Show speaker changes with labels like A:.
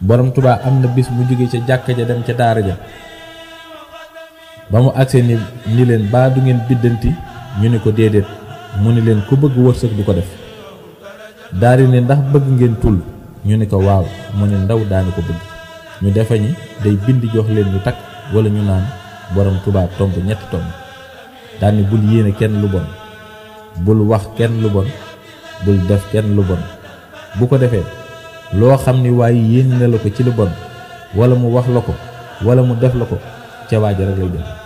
A: borom tubaab am na bis mu jóge ca jàkka ja dem ca daara ja ba mu agsee ni ni leen baa du ngeen biddanti ñu ni ko déedéet mu ni leen ku bëgg wërsëg du ko def daari ne ndax bëgg ngeen tul ñu ni ko waaw mu ne ndaw daanu ko bëgg ñu defe ñi day bind jox leen ñu takk wala ñu naan boroom tubaab tomb ñett tomb daani bul yéene kenn lu bon bul wax kenn lu bon bul def kenn lu bon bu ko defee loo xam ni waaye yéen na la ko ci lu bon wala mu wax la ko wala mu def la ko ca waaja rek lay dem